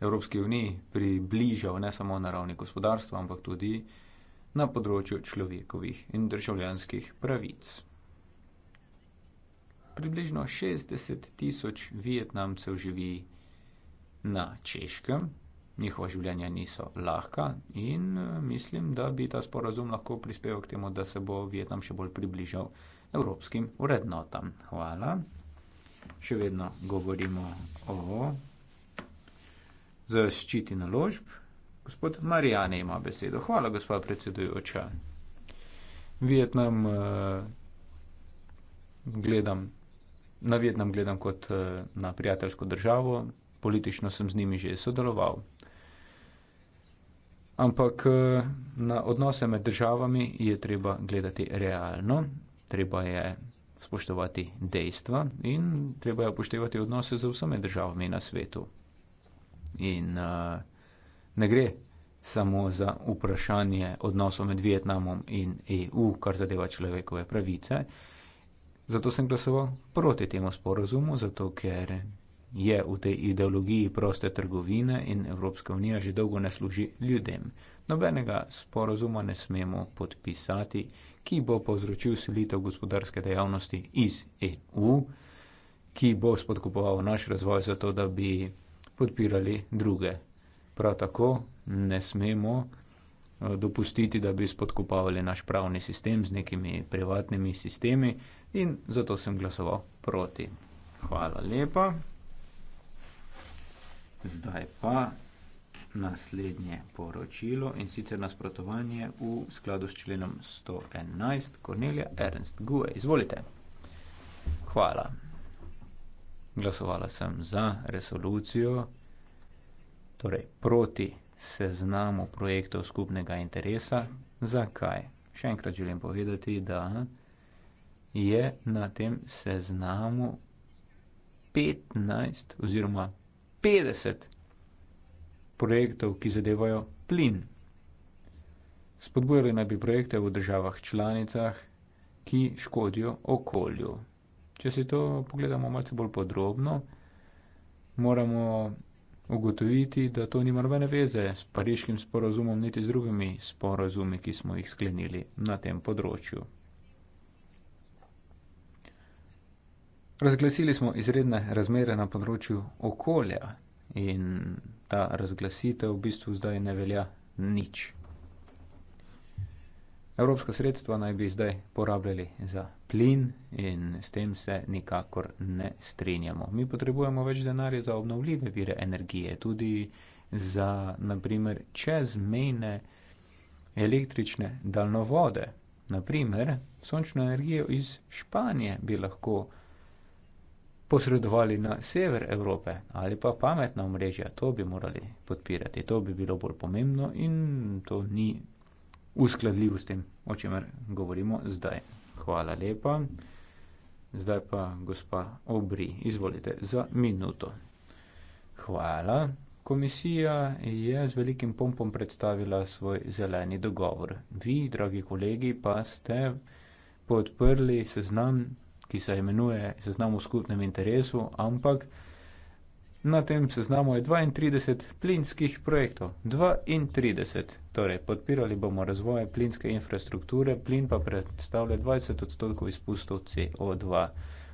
Evropski uniji približal ne samo na ravni gospodarstva, ampak tudi na področju človekovih in državljanskih pravic približno 60 tisoč Vietnamcev živi na Češkem. Njihova življenja niso lahka in eh, mislim, da bi ta sporazum lahko prispeval k temu, da se bo Vietnam še bolj približal evropskim vrednotam. Hvala. Še vedno govorimo o zaščiti naložb. Gospod Marijane ima besedo. Hvala, gospod predsedujoča. Vietnam eh, gledam Na Vietnam gledam kot eh, na prijateljsko državo, politično sem z njimi že sodeloval. Ampak eh, na odnose med državami je treba gledati realno, treba je spoštovati dejstva in treba je upoštevati odnose z vsemi državami na svetu. In eh, ne gre samo za vprašanje odnosov med Vietnamom in EU, kar zadeva človekove pravice zato sem glasoval proti temu sporazumu zato ker je v tej ideologiji proste trgovine in Evropska unija že dolgo ne služi ljudem. Nobenega sporozuma ne smemo podpisati, ki bo povzročil selitev gospodarske dejavnosti iz EU, ki bo spodkupoval naš razvoj zato, da bi podpirali druge. Prav tako ne smemo Eh, dopustiti, da bi spodkopavali naš pravni sistem z nekimi privatnimi sistemi in zato sem glasoval proti. Hvala lepa. Zdaj pa naslednje poročilo in sicer nasprotovanje v skladu s členom 111 Kornelija Ernst Gue. Izvolite. Hvala. Glasovala sem za resolucijo, torej proti seznamu projektov skupnega interesa. Zakaj? Še enkrat želim povedati, da je na tem seznamu 15 oziroma 50 projektov, ki zadevajo plin. Spodbujali naj bi projekte v državah članicah, ki škodijo okolju. Če si to pogledamo malce bolj podrobno, moramo ugotoviti da to nima nobene veze s pariškim sporazumom niti z drugimi sporazumi ki smo jih sklenili na tem področju razglasili smo izredne razmere na področju okolja in ta razglasitev v bistvu zdaj ne velja nič Evropska sredstva naj bi zdaj porabljali za plin in s tem se nikakor ne strinjamo. Mi potrebujemo več denarja za obnovljive vire energije, tudi za naprimer čezmejne električne daljnovode. Naprimer, sončno energijo iz Španije bi lahko posredovali na sever Evrope ali pa pametna omrežja, to bi morali podpirati, to bi bilo bolj pomembno in to ni uskladljivo s tem, o čemer govorimo zdaj. Hvala lepa. Zdaj pa gospa Obri, izvolite za minuto. Hvala. Komisija je z velikim pompom predstavila svoj zeleni dogovor. Vi, dragi kolegi, pa ste podprli seznam, ki se imenuje seznam v skupnem interesu, ampak na tem seznamu je 32 plinskih projektov. 32. Torej, podpirali bomo razvoj plinske infrastrukture, plin pa predstavlja 20 odstotkov izpustov CO2.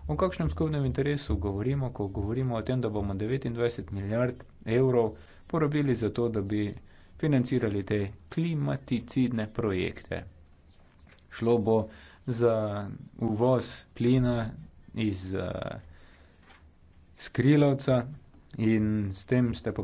O kakšnem skupnem interesu govorimo, ko govorimo o tem, da bomo 29 milijard evrov porabili za to, da bi financirali te klimaticidne projekte. Šlo bo za uvoz plina iz uh, eh, skrilovca, in s tem ste pa